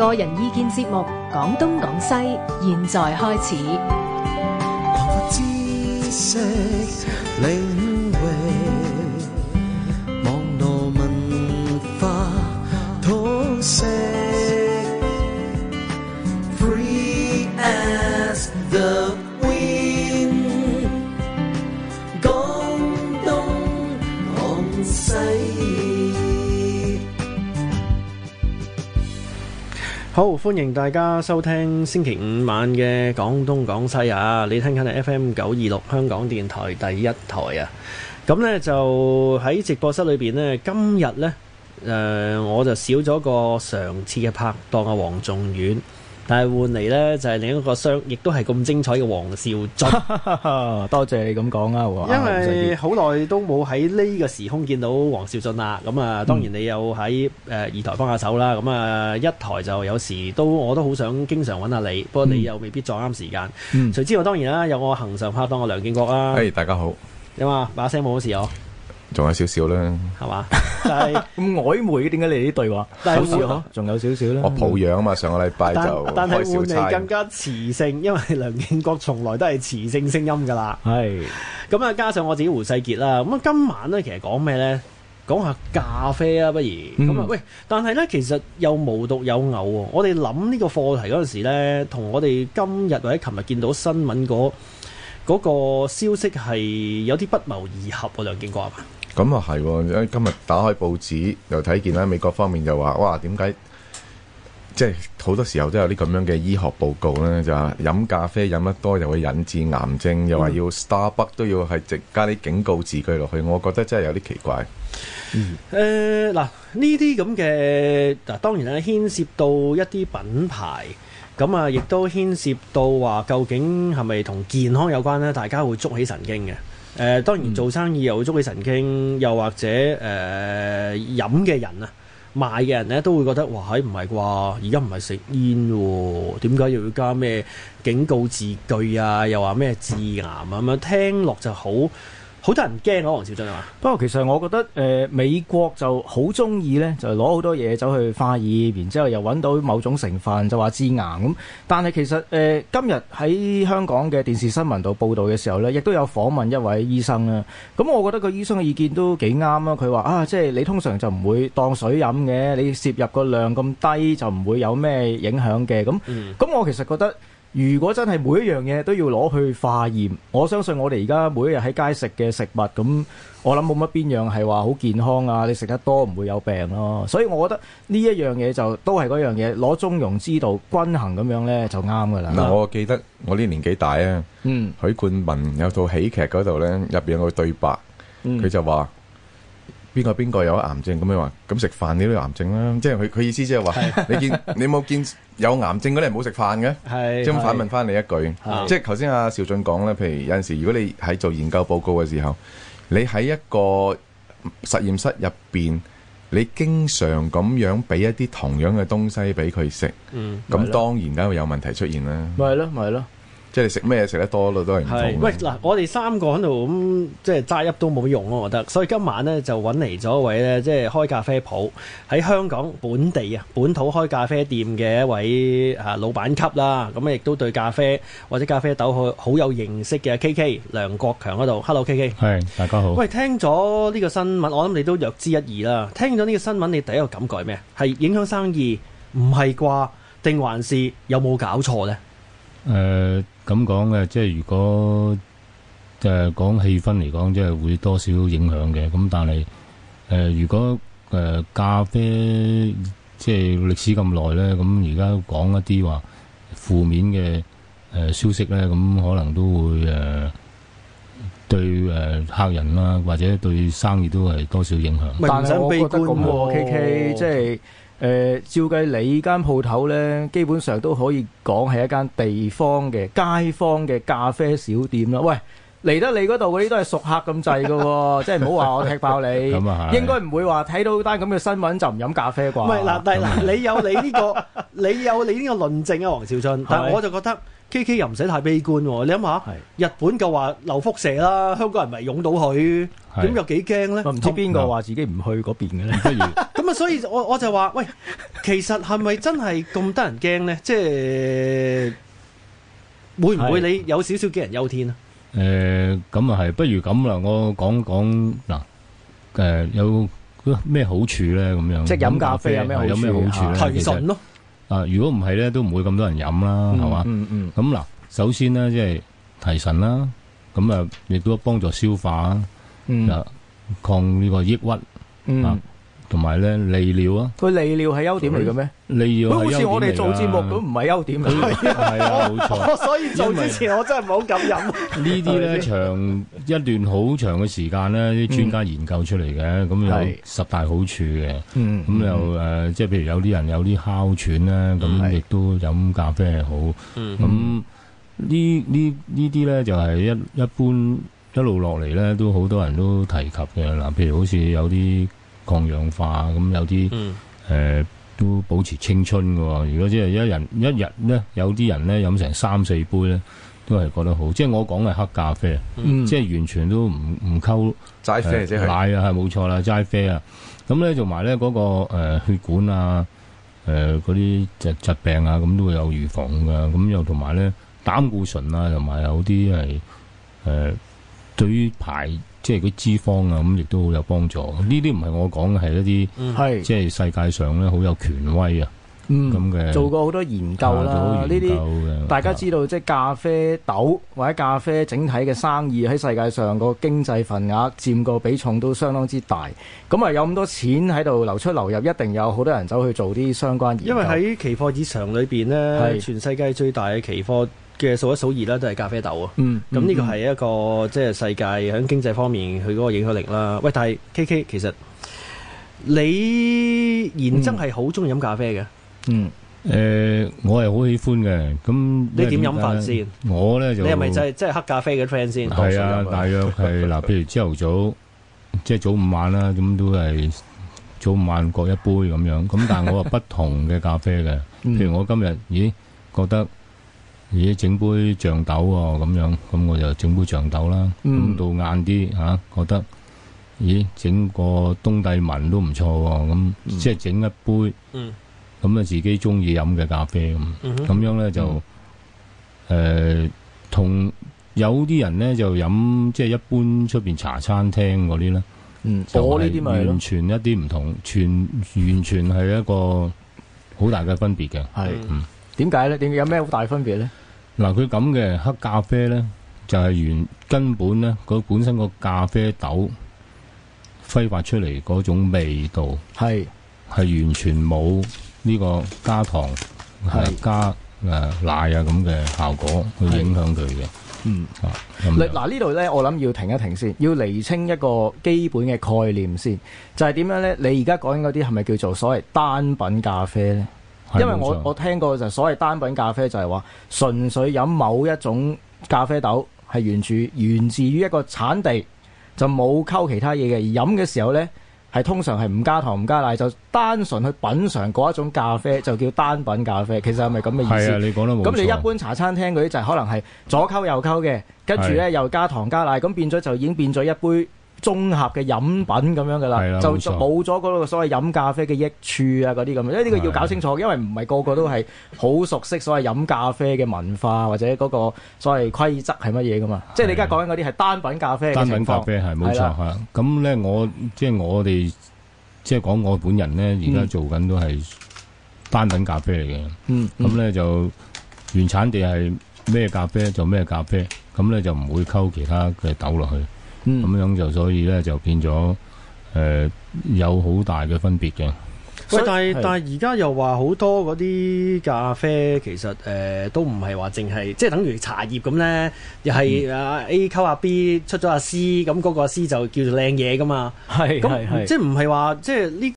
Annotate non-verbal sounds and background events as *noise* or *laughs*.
個人意見節目，講東講西，現在開始。 *music* 好，歡迎大家收聽星期五晚嘅廣東廣西啊！你聽緊係 F M 九二六香港電台第一台啊！咁呢，就喺直播室裏邊呢，今日呢，誒、呃，我就少咗個上次嘅拍檔啊，黃仲遠。但係換嚟呢，就係、是、另一個商，亦都係咁精彩嘅王兆俊。 *laughs* 多謝你咁講啊！因為好耐都冇喺呢個時空見到王兆俊啦。咁、嗯、啊，當然你有喺、呃、二台幫下手啦。咁、嗯、啊，一台就有時都我都好想經常揾下你，不過你又未必撞啱時間。嗯，之知我當然啦，有我行上拍檔嘅梁敬國啦。嘿、hey, 大家好，有啊？把聲冇好事哦。仲有少少啦，係嘛？但係曖昧嘅，點解你哋對話？少少嗬，仲有少少啦。我抱養嘛，上個禮拜就開少差。但係換嚟更加磁性，因為梁敬國從來都係磁性聲音㗎啦。係咁啊，加上我自己胡世傑啦。咁啊，今晚咧其實講咩咧？講下咖啡啊，不如咁啊？喂，但係咧，其實又無獨有偶。我哋諗呢個課題嗰陣時咧，同我哋今日或者琴日見到新聞嗰嗰個消息係有啲不謀而合喎，梁敬國啊？咁啊係，今日打開報紙又睇見啦，美國方面又話，哇，點解即係好多時候都有啲咁樣嘅醫學報告呢就話、是、飲咖啡飲得多又會引致癌症，嗯、又話要 Starbucks 都要係直加啲警告字句落去，我覺得真係有啲奇怪。誒、嗯、嗱、呃、呢啲咁嘅嗱，當然咧牽涉到一啲品牌，咁啊，亦都牽涉到話究竟係咪同健康有關呢，大家會捉起神經嘅。誒、呃、當然做生意又會觸及神經，又或者誒、呃、飲嘅人啊、賣嘅人咧，都會覺得哇，喺唔係啩，而家唔係食煙喎，點解又要加咩警告字句啊？又話咩致癌啊，咁樣聽落就好。好多人驚咯，王兆俊話。不過其實我覺得，誒、呃、美國就好中意呢，就攞好多嘢走去化驗，然之後又揾到某種成分就話致癌咁。但係其實誒、呃、今日喺香港嘅電視新聞度報導嘅時候呢，亦都有訪問一位醫生啦。咁我覺得個醫生嘅意見都幾啱啦。佢話啊，即係你通常就唔會當水飲嘅，你攝入個量咁低就唔會有咩影響嘅。咁咁、嗯、我其實覺得。如果真係每一樣嘢都要攞去化驗，我相信我哋而家每一日喺街食嘅食物，咁我諗冇乜邊樣係話好健康啊，你食得多唔會有病咯，所以我覺得呢一樣嘢就都係嗰樣嘢，攞中庸之道，均衡咁樣呢就啱噶啦。嗱，我記得我呢，年紀大啊，嗯、許冠文有套喜劇嗰度呢，入邊有個對白，嗯、佢就話。邊個邊個有癌症咁樣話，咁食飯你都有癌症啦，即係佢佢意思即係話你見你冇見有癌症嗰啲人冇食飯嘅，即係 *laughs* 反問翻你一句， *laughs* 即係頭先阿兆俊講啦，譬如有陣時候如果你喺做研究報告嘅時候，你喺一個實驗室入邊，你經常咁樣俾一啲同樣嘅東西俾佢食，咁、嗯、當然梗會有問題出現啦，咪係咯，咪係咯。即係食咩食得多咯，都係。喂，嗱，我哋三個喺度咁，即係爭執都冇用咯、啊，我覺得。所以今晚呢，就揾嚟咗一位呢，即係開咖啡鋪喺香港本地啊，本土開咖啡店嘅一位啊老闆級啦、啊。咁、嗯、亦都對咖啡或者咖啡豆好好有認識嘅。K K 梁國強嗰度，Hello K K，係大家好。喂，聽咗呢個新聞，我諗你都略知一二啦。聽咗呢個新聞，你第一個感覺係咩？係影響生意，唔係啩？定還是有冇搞錯呢？誒、呃，咁講嘅，即係如果誒講氣氛嚟講，即係會多少少影響嘅。咁但係誒、呃，如果誒、呃、咖啡即係歷史咁耐咧，咁而家講一啲話負面嘅誒、呃、消息咧，咁可能都會誒、呃、對誒、呃、客人啦，或者對生意都係多少影響。但係我覺得咁喎，K K 即係。KK, 即係誒，照計你間鋪頭咧，基本上都可以講係一間地方嘅街坊嘅咖啡小店啦。喂，嚟得你嗰度嗰啲都係熟客咁滯嘅喎，即係唔好話我踢爆你，應該唔會話睇到單咁嘅新聞就唔飲咖啡啩。唔係嗱，但嗱，你有你呢個，你有你呢個論證啊，王兆俊。但係我就覺得 K K 又唔使太悲觀喎。你諗下，日本夠話流輻射啦，香港人咪湧到佢。點有幾驚咧？唔知邊個話自己唔去嗰邊嘅咧？咁啊，所以我我就話喂，其實係咪真係咁得人驚咧？即係會唔會你有少少杞人憂天啊？誒，咁啊係，不如咁啦。我講講嗱，誒，有咩好處咧？咁樣即係飲咖啡，咖啡有咩有咩好處呢？提神咯啊！如果唔係咧，都唔會咁多人飲啦，係嘛？嗯嗯。咁嗱，首先呢，即係提神啦。咁啊，亦都幫助消化啊。嗯嗯、啊，抗呢個抑鬱嗯同埋咧利尿啊。佢利尿係優點嚟嘅咩？利尿。佢好似我哋做節目，咁，唔係優點嚟。係啊，冇 *laughs* 錯。所以做之前，我真係唔好咁飲。呢啲咧 *laughs* 長一段好長嘅時間咧，啲專家研究出嚟嘅，咁、嗯、有十大好處嘅。嗯。咁又誒，即、嗯、係、呃、譬如有啲人有啲哮喘啦，咁亦都飲咖啡係好。咁、嗯嗯嗯、呢呢呢啲咧就係、是、一一般。一路落嚟咧，都好多人都提及嘅嗱，譬如好似有啲抗氧化咁，有啲誒、嗯呃、都保持青春㗎喎。如果即係一人一日咧，有啲人咧飲成三四杯咧，都係覺得好。即係我講嘅黑咖啡，嗯、即係完全都唔唔溝齋、嗯呃、啡、就是，即係奶啊，係冇錯啦，齋啡啊。咁咧，同埋咧嗰個、呃、血管啊，誒嗰啲疾疾病啊，咁都會有預防㗎。咁又同埋咧膽固醇啊，同埋有啲係誒。呃對於排即係嗰脂肪啊，咁亦都好有幫助。呢啲唔係我講嘅，係一啲即係世界上咧好有權威啊咁嘅，做過好多研究啦。呢、啊、啲大家知道，是即係咖啡豆或者咖啡整體嘅生意喺世界上個經濟份額佔個比重都相當之大。咁啊有咁多錢喺度流出流入，一定有好多人走去做啲相關研究。因為喺期貨市場裏邊呢，係，全世界最大嘅期貨。嘅數一數二啦，都係咖啡豆啊！嗯，咁呢個係一個即係、嗯就是、世界喺經濟方面佢嗰個影響力啦。喂，但係 K K 其實你現真係好中意飲咖啡嘅。嗯，呃、我係好喜歡嘅。咁你點飲法先？我咧就，你係咪真係黑咖啡嘅 friend 先？係啊，大約係嗱，譬 *laughs* 如朝頭早即係、就是、早五晚啦，咁都係早午晚各一杯咁樣。咁但係我係不同嘅咖啡嘅， *laughs* 譬如我今日咦，覺得。咦、欸，整杯象豆喎、哦、咁樣，咁我就整杯象豆啦。咁、嗯、到晏啲嚇，覺得咦，整個東帝文都唔錯喎。咁、嗯、即係整一杯，咁、嗯、啊自己中意飲嘅咖啡咁。咁、嗯、樣咧就，誒、嗯呃，同有啲人咧就飲即係一般出邊茶餐廳嗰啲咧。嗯，我呢啲咪完全一啲唔同，全完全係一個好大嘅分別嘅。係、嗯，點解咧？點有咩好大分別咧？嗱佢咁嘅黑咖啡呢，就係、係、原根本呢，佢本身個咖啡豆揮發出嚟嗰種味道，係係完全冇呢個加糖加、呃、奶啊咁嘅效果去影響佢嘅。嗯，嗱呢度呢，我諗要停一停先，要釐清一個基本嘅概念先，就係、係、點樣呢？你而家講緊嗰啲係咪叫做所謂單品咖啡呢？因為我我聽過就所謂單品咖啡就係話純粹飲某一種咖啡豆，係源處源自於一個產地，就冇溝其他嘢嘅，而飲嘅時候呢，係通常係唔加糖唔加奶，就單純去品嚐嗰一種咖啡就叫單品咖啡。其實係咪咁嘅意思？係啊，你講得冇錯。咁你一般茶餐廳嗰啲就係可能係左溝右溝嘅，跟住呢又加糖加奶，咁變咗就已經變咗一杯。綜合嘅飲品咁樣噶啦，就冇咗嗰個所謂飲咖啡嘅益處啊，嗰啲咁。因為呢個要搞清楚，是因為唔係個個都係好熟悉所謂飲咖啡嘅文化或者嗰個所謂規則係乜嘢噶嘛。即係你而家講緊嗰啲係單品咖啡嘅情況。單品咖啡係冇錯嚇。咁咧，是那我即係我哋即係講我本人呢，而家做緊都係單品咖啡嚟嘅。嗯。嗯，咁咧就原產地係咩咖啡就咩咖啡，咁呢，就唔會溝其他嘅豆落去。嗯，咁樣就所以咧，就變咗誒、呃、有好大嘅分別嘅。喂，但係但係而家又話好多嗰啲咖啡其實誒、呃、都唔係話淨係，即係等於茶葉咁咧，又係啊 A 溝阿 B 出咗阿 C，咁嗰個 C 就叫做靚嘢噶嘛。係係，即係唔係話即係呢？